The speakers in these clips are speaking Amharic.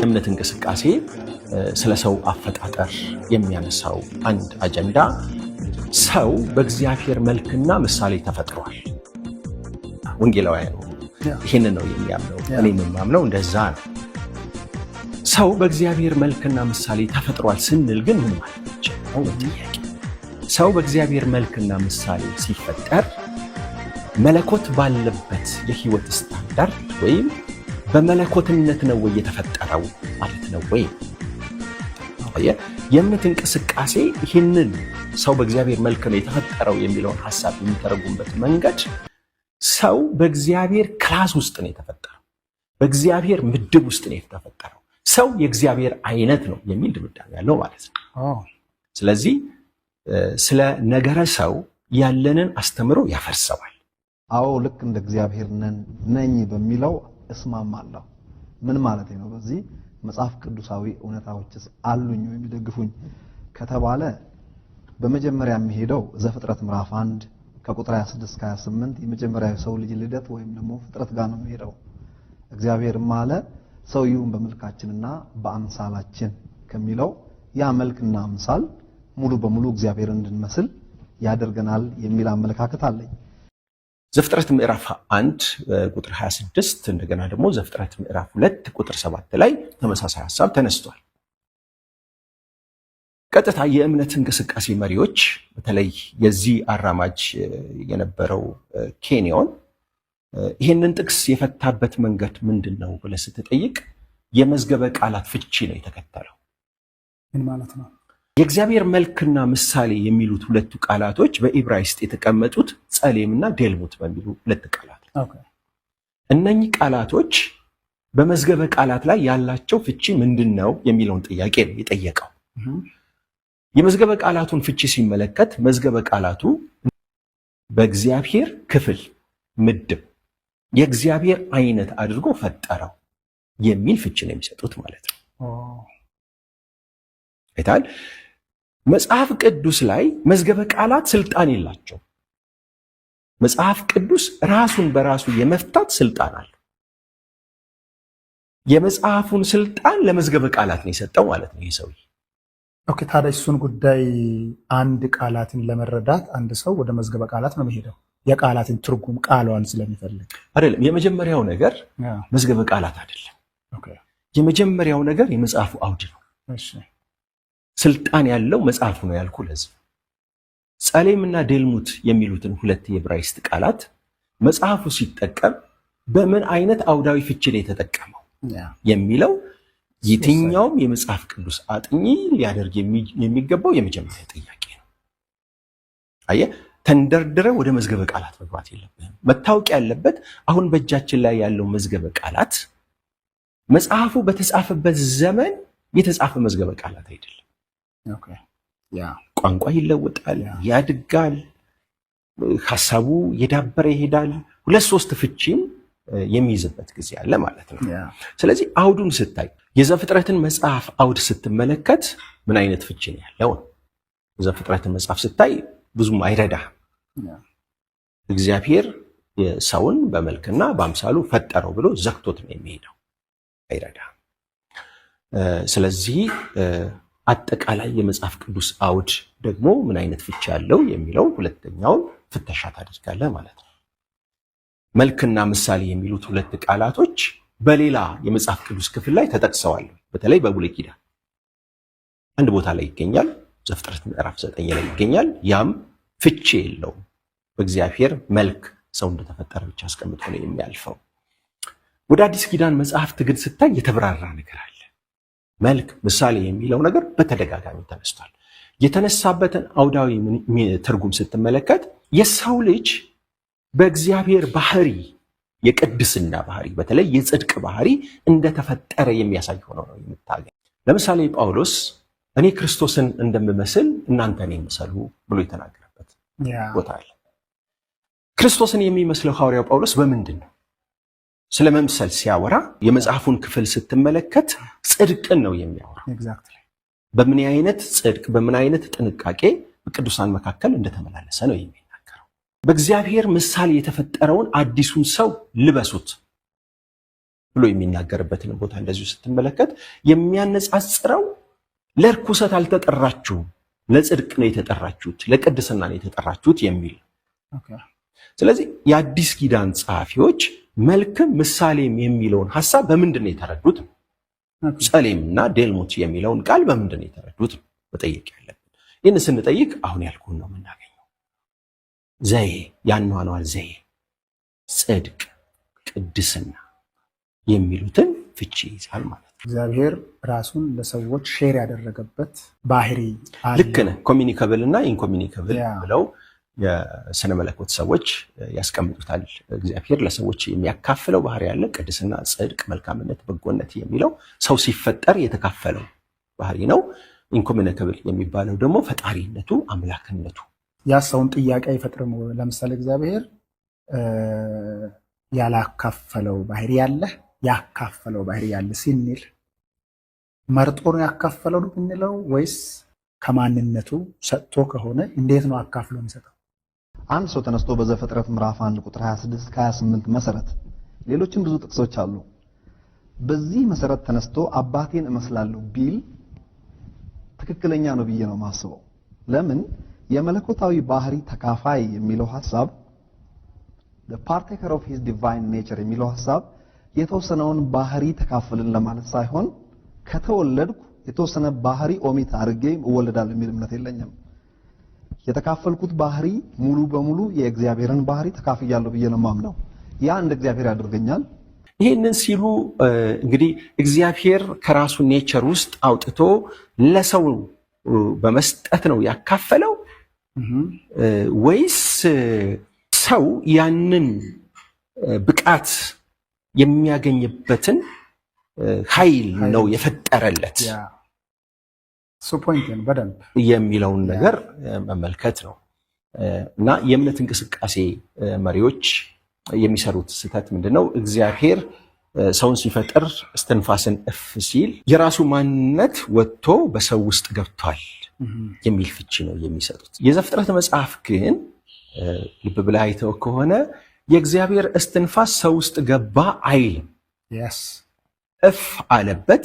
የእምነት እንቅስቃሴ ስለ ሰው አፈጣጠር የሚያነሳው አንድ አጀንዳ ሰው በእግዚአብሔር መልክና ምሳሌ ተፈጥሯል። ወንጌላውያን ይህንን ነው የሚያምነው፣ እኔ የምማምነው እንደዛ ነው። ሰው በእግዚአብሔር መልክና ምሳሌ ተፈጥሯል ስንል ግን ምን ማለታችን ነው? ጥያቄ። ሰው በእግዚአብሔር መልክና ምሳሌ ሲፈጠር መለኮት ባለበት የህይወት ስታንዳርድ ወይም በመለኮትነት ነው ወይ የተፈጠረው ማለት ነው ወይ የእምነት እንቅስቃሴ ይህንን ሰው በእግዚአብሔር መልክ ነው የተፈጠረው የሚለውን ሀሳብ የሚተረጉምበት መንገድ ሰው በእግዚአብሔር ክላስ ውስጥ ነው የተፈጠረው፣ በእግዚአብሔር ምድብ ውስጥ ነው የተፈጠረው፣ ሰው የእግዚአብሔር አይነት ነው የሚል ድምዳሜ ያለው ማለት ነው። ስለዚህ ስለ ነገረ ሰው ያለንን አስተምሮ ያፈርሰዋል። አዎ ልክ እንደ እግዚአብሔር ነን ነኝ በሚለው እስማማለሁ። ምን ማለት ነው? በዚህ መጽሐፍ ቅዱሳዊ እውነታዎችስ አሉኝ ወይም ይደግፉኝ ከተባለ በመጀመሪያ የሚሄደው ዘፍጥረት ምዕራፍ 1 ከቁጥር 26 እስከ 28 የመጀመሪያ ሰው ልጅ ልደት ወይም ደግሞ ፍጥረት ጋር ነው የሚሄደው። እግዚአብሔርም አለ ይሁን በመልካችንና በአምሳላችን ከሚለው ያ መልክና አምሳል ሙሉ በሙሉ እግዚአብሔር እንድንመስል ያደርገናል የሚል አመለካከት አለኝ። ዘፍጥረት ምዕራፍ 1 ቁጥር 26 እንደገና ደግሞ ዘፍጥረት ምዕራፍ 2 ቁጥር 7 ላይ ተመሳሳይ ሐሳብ ተነስቷል። ቀጥታ የእምነት እንቅስቃሴ መሪዎች በተለይ የዚህ አራማጅ የነበረው ኬንዮን ይህንን ጥቅስ የፈታበት መንገድ ምንድን ነው ብለህ ስትጠይቅ የመዝገበ ቃላት ፍቺ ነው የተከተለው። ምን ማለት ነው? የእግዚአብሔር መልክና ምሳሌ የሚሉት ሁለቱ ቃላቶች በኢብራይስጥ የተቀመጡት ጸሌም እና ዴልሞት በሚሉ ሁለት ቃላት እነኚህ ቃላቶች በመዝገበ ቃላት ላይ ያላቸው ፍቺ ምንድን ነው የሚለውን ጥያቄ ነው የጠየቀው። የመዝገበ ቃላቱን ፍቺ ሲመለከት መዝገበ ቃላቱ በእግዚአብሔር ክፍል ምድብ የእግዚአብሔር አይነት አድርጎ ፈጠረው የሚል ፍቺ ነው የሚሰጡት ማለት ነው። አይታል መጽሐፍ ቅዱስ ላይ መዝገበ ቃላት ስልጣን የላቸው። መጽሐፍ ቅዱስ ራሱን በራሱ የመፍታት ስልጣን አለው። የመጽሐፉን ስልጣን ለመዝገበ ቃላት ነው የሰጠው ማለት ነው ይህ ሰውዬ። ኦኬ ታዲያ እሱን ጉዳይ አንድ ቃላትን ለመረዳት አንድ ሰው ወደ መዝገበ ቃላት ነው የሚሄደው የቃላትን ትርጉም ቃሏን ስለሚፈልግ አይደለም። የመጀመሪያው ነገር መዝገበ ቃላት አይደለም። የመጀመሪያው ነገር የመጽሐፉ አውድ ነው። ስልጣን ያለው መጽሐፍ ነው ያልኩ ለዚህ ጸሌምና ደልሙት የሚሉትን ሁለት የዕብራይስጥ ቃላት መጽሐፉ ሲጠቀም በምን አይነት አውዳዊ ፍችል የተጠቀመው የሚለው የትኛውም የመጽሐፍ ቅዱስ አጥኚ ሊያደርግ የሚገባው የመጀመሪያ ጥያቄ ነው። አየህ፣ ተንደርድረ ወደ መዝገበ ቃላት መግባት የለብህም። መታወቅ ያለበት አሁን በእጃችን ላይ ያለው መዝገበ ቃላት መጽሐፉ በተጻፈበት ዘመን የተጻፈ መዝገበ ቃላት አይደለም። ቋንቋ ይለወጣል፣ ያድጋል፣ ሀሳቡ የዳበረ ይሄዳል። ሁለት ሶስት ፍቺም የሚይዝበት ጊዜ አለ ማለት ነው። ስለዚህ አውዱን ስታይ የዘፍጥረትን መጽሐፍ አውድ ስትመለከት ምን አይነት ፍቺ ነው ያለው? የዘፍጥረትን መጽሐፍ ስታይ ብዙም አይረዳ እግዚአብሔር ሰውን በመልክና በአምሳሉ ፈጠረው ብሎ ዘግቶት ነው የሚሄደው፣ አይረዳ። ስለዚህ አጠቃላይ የመጽሐፍ ቅዱስ አውድ ደግሞ ምን አይነት ፍቺ አለው የሚለው ሁለተኛውን ፍተሻ ታደርጋለህ ማለት ነው። መልክና ምሳሌ የሚሉት ሁለት ቃላቶች በሌላ የመጽሐፍ ቅዱስ ክፍል ላይ ተጠቅሰዋል። በተለይ በብሉይ ኪዳን አንድ ቦታ ላይ ይገኛል። ዘፍጥረት ምዕራፍ ዘጠኝ ላይ ይገኛል። ያም ፍቺ የለውም። በእግዚአብሔር መልክ ሰው እንደተፈጠረ ብቻ አስቀምጦ ነው የሚያልፈው። ወደ አዲስ ኪዳን መጽሐፍት ግን ስታይ የተብራራ ነገር አለ። መልክ፣ ምሳሌ የሚለው ነገር በተደጋጋሚ ተነስቷል። የተነሳበትን አውዳዊ ትርጉም ስትመለከት የሰው ልጅ በእግዚአብሔር ባህሪ የቅድስና ባህሪ በተለይ የጽድቅ ባህሪ እንደተፈጠረ የሚያሳይ ሆኖ ነው የምታገኝ። ለምሳሌ ጳውሎስ እኔ ክርስቶስን እንደምመስል እናንተ እኔን ምሰሉ ብሎ የተናገረበት ቦታ አለ። ክርስቶስን የሚመስለው ሐዋርያው ጳውሎስ በምንድን ነው? ስለ መምሰል ሲያወራ የመጽሐፉን ክፍል ስትመለከት ጽድቅን ነው የሚያወራ። በምን አይነት ጽድቅ፣ በምን አይነት ጥንቃቄ በቅዱሳን መካከል እንደተመላለሰ ነው የሚናገረው። በእግዚአብሔር ምሳሌ የተፈጠረውን አዲሱን ሰው ልበሱት ብሎ የሚናገርበትን ቦታ እንደዚሁ ስትመለከት የሚያነጻጽረው ለርኩሰት አልተጠራችሁም፣ ለጽድቅ ነው የተጠራችሁት፣ ለቅድስና ነው የተጠራችሁት የሚል ስለዚህ የአዲስ ኪዳን ጸሐፊዎች መልክም ምሳሌም የሚለውን ሀሳብ በምንድን ነው የተረዱት? ሰሌም እና ዴልሞች የሚለውን ቃል በምንድን ነው የተረዱት? መጠየቅ ያለብን ይህን ስንጠይቅ አሁን ያልኩን ነው የምናገኘው። ዘዬ ያኗኗር ዘዬ፣ ጽድቅ፣ ቅድስና የሚሉትን ፍቺ ይዛል ማለት ነው። እግዚአብሔር ራሱን ለሰዎች ሼር ያደረገበት ባህሪ ልክ ነህ። ኮሚኒከብል እና ኢንኮሚኒከብል ብለው የስነ መለኮት ሰዎች ያስቀምጡታል። እግዚአብሔር ለሰዎች የሚያካፍለው ባህሪ ያለ ቅድስና፣ ጽድቅ፣ መልካምነት፣ በጎነት የሚለው ሰው ሲፈጠር የተካፈለው ባህሪ ነው። ኢንኮሚኒካብል የሚባለው ደግሞ ፈጣሪነቱ፣ አምላክነቱ ያ ሰውን ጥያቄ አይፈጥርም። ለምሳሌ እግዚአብሔር ያላካፈለው ባህሪ ያለ ያካፈለው ባህሪ ያለ ሲንል መርጦ ነው ያካፈለው ነው የምንለው ወይስ ከማንነቱ ሰጥቶ ከሆነ እንዴት ነው አካፍሎ የሚሰጠው? አንድ ሰው ተነስቶ በዘፍጥረት ምዕራፍ 1 ቁጥር 26 28 መሰረት ሌሎችም ብዙ ጥቅሶች አሉ። በዚህ መሰረት ተነስቶ አባቴን እመስላለሁ ቢል ትክክለኛ ነው ብዬ ነው ማስበው። ለምን የመለኮታዊ ባህሪ ተካፋይ የሚለው ሐሳብ the partaker of his divine nature የሚለው ሐሳብ የተወሰነውን ባህሪ ተካፍልን ለማለት ሳይሆን ከተወለድኩ የተወሰነ ባህሪ ኦሚት አድርጌ እወለዳለሁ የሚል እምነት የለኝም። የተካፈልኩት ባህሪ ሙሉ በሙሉ የእግዚአብሔርን ባህሪ ተካፍያለሁ ብዬ ነው የማምነው። ያ እንደ እግዚአብሔር ያደርገኛል። ይህንን ሲሉ እንግዲህ እግዚአብሔር ከራሱ ኔቸር ውስጥ አውጥቶ ለሰው በመስጠት ነው ያካፈለው ወይስ ሰው ያንን ብቃት የሚያገኝበትን ኃይል ነው የፈጠረለት? የሚለውን ነገር መመልከት ነው እና የእምነት እንቅስቃሴ መሪዎች የሚሰሩት ስህተት ምንድን ነው? እግዚአብሔር ሰውን ሲፈጥር እስትንፋስን እፍ ሲል የራሱ ማንነት ወጥቶ በሰው ውስጥ ገብቷል የሚል ፍቺ ነው የሚሰጡት። የዘፍጥረት መጽሐፍ ግን ልብ ብለህ አይተው ከሆነ የእግዚአብሔር እስትንፋስ ሰው ውስጥ ገባ አይልም፣ እፍ አለበት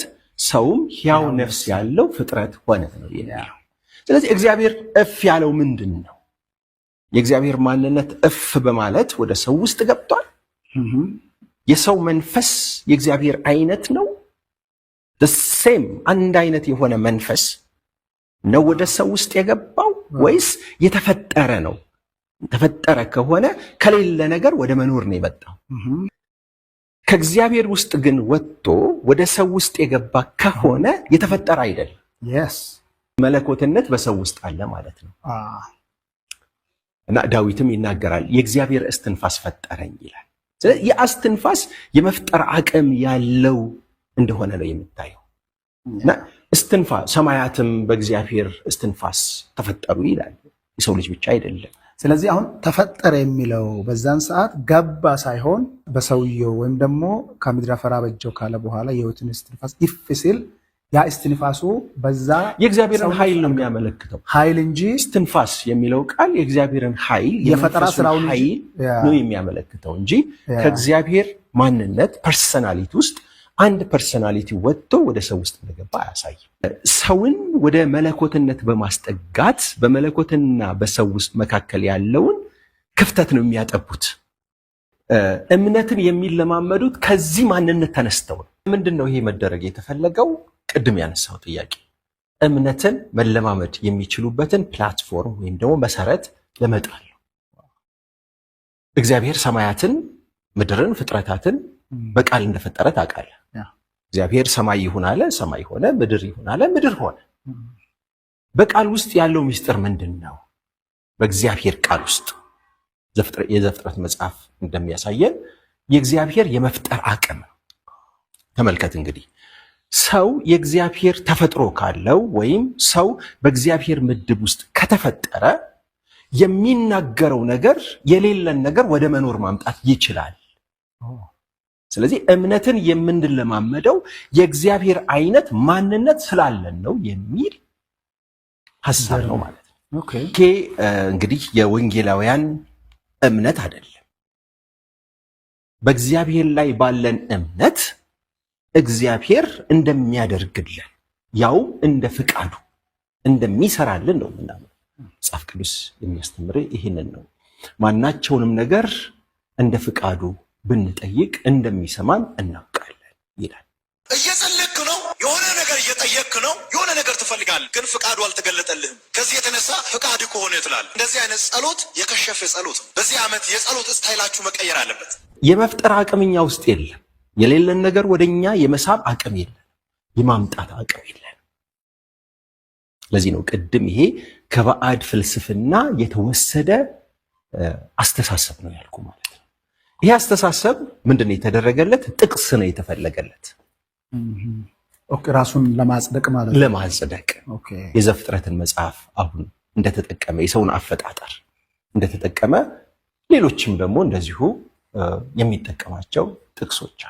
ሰውም ሕያው ነፍስ ያለው ፍጥረት ሆነ ነው የሚለው። ስለዚህ እግዚአብሔር እፍ ያለው ምንድን ነው? የእግዚአብሔር ማንነት እፍ በማለት ወደ ሰው ውስጥ ገብቷል። የሰው መንፈስ የእግዚአብሔር አይነት ነው። ሴም አንድ አይነት የሆነ መንፈስ ነው ወደ ሰው ውስጥ የገባው ወይስ የተፈጠረ ነው? ተፈጠረ ከሆነ ከሌለ ነገር ወደ መኖር ነው የመጣው። ከእግዚአብሔር ውስጥ ግን ወጥቶ ወደ ሰው ውስጥ የገባ ከሆነ የተፈጠረ አይደለም። መለኮትነት በሰው ውስጥ አለ ማለት ነው። ah. እና ዳዊትም ይናገራል የእግዚአብሔር እስትንፋስ ፈጠረኝ ይላል። ስለዚህ የአስትንፋስ የመፍጠር አቅም ያለው እንደሆነ ነው የምታየው። እና እስትንፋስ ሰማያትም በእግዚአብሔር እስትንፋስ ተፈጠሩ ይላል። የሰው ልጅ ብቻ አይደለም። ስለዚህ አሁን ተፈጠረ የሚለው በዛን ሰዓት ገባ ሳይሆን በሰውየው ወይም ደግሞ ከምድረ ፈራ በጀው ካለ በኋላ የሕይወትን እስትንፋስ ይፍ ሲል ያ እስትንፋሱ በዛ የእግዚአብሔርን ኃይል ነው የሚያመለክተው ኃይል እንጂ እስትንፋስ የሚለው ቃል የእግዚአብሔርን ኃይል የፈጠራ ስራውን ነው የሚያመለክተው እንጂ ከእግዚአብሔር ማንነት ፐርሰናሊቲ ውስጥ አንድ ፐርሰናሊቲ ወጥቶ ወደ ሰው ውስጥ እንደገባ አያሳይም። ሰውን ወደ መለኮትነት በማስጠጋት በመለኮትና በሰው ውስጥ መካከል ያለውን ክፍተት ነው የሚያጠቡት። እምነትን የሚለማመዱት ከዚህ ማንነት ተነስተው ነው። ምንድን ነው ይሄ መደረግ የተፈለገው? ቅድም ያነሳው ጥያቄ እምነትን መለማመድ የሚችሉበትን ፕላትፎርም ወይም ደግሞ መሰረት ለመጣል ነው። እግዚአብሔር ሰማያትን ምድርን ፍጥረታትን በቃል እንደፈጠረ ታውቃለህ። እግዚአብሔር ሰማይ ይሁን አለ፣ ሰማይ ሆነ። ምድር ይሁን አለ፣ ምድር ሆነ። በቃል ውስጥ ያለው ምስጢር ምንድን ነው? በእግዚአብሔር ቃል ውስጥ የዘፍጥረት መጽሐፍ እንደሚያሳየን የእግዚአብሔር የመፍጠር አቅም ነው። ተመልከት እንግዲህ ሰው የእግዚአብሔር ተፈጥሮ ካለው ወይም ሰው በእግዚአብሔር ምድብ ውስጥ ከተፈጠረ የሚናገረው ነገር የሌለን ነገር ወደ መኖር ማምጣት ይችላል። ስለዚህ እምነትን የምንለማመደው የእግዚአብሔር አይነት ማንነት ስላለን ነው የሚል ሀሳብ ነው ማለት ነው። ይሄ እንግዲህ የወንጌላውያን እምነት አይደለም። በእግዚአብሔር ላይ ባለን እምነት እግዚአብሔር እንደሚያደርግልን ያውም እንደ ፍቃዱ እንደሚሰራልን ነው ምናምን መጽሐፍ ቅዱስ የሚያስተምር ይህንን ነው። ማናቸውንም ነገር እንደ ፍቃዱ ብንጠይቅ እንደሚሰማን እናውቃለን ይላል። እየጸለክ ነው፣ የሆነ ነገር እየጠየክ ነው፣ የሆነ ነገር ትፈልጋለህ፣ ግን ፍቃዱ አልተገለጠልህም። ከዚህ የተነሳ ፍቃድ ከሆነ ትላለህ። እንደዚህ አይነት ጸሎት የከሸፈ ጸሎት ነው። በዚህ ዓመት የጸሎት እስታይላችሁ መቀየር አለበት። የመፍጠር አቅም እኛ ውስጥ የለም። የሌለን ነገር ወደ እኛ የመሳብ አቅም የለን፣ የማምጣት አቅም የለን። ለዚህ ነው ቅድም ይሄ ከባዕድ ፍልስፍና የተወሰደ አስተሳሰብ ነው ያልኩ ማለት ይህ አስተሳሰብ ምንድን ነው የተደረገለት? ጥቅስ ነው የተፈለገለት ራሱን ለማጽደቅ ማለት ለማጽደቅ የዘፍጥረትን መጽሐፍ አሁን እንደተጠቀመ የሰውን አፈጣጠር እንደተጠቀመ ሌሎችም ደግሞ እንደዚሁ የሚጠቀማቸው ጥቅሶች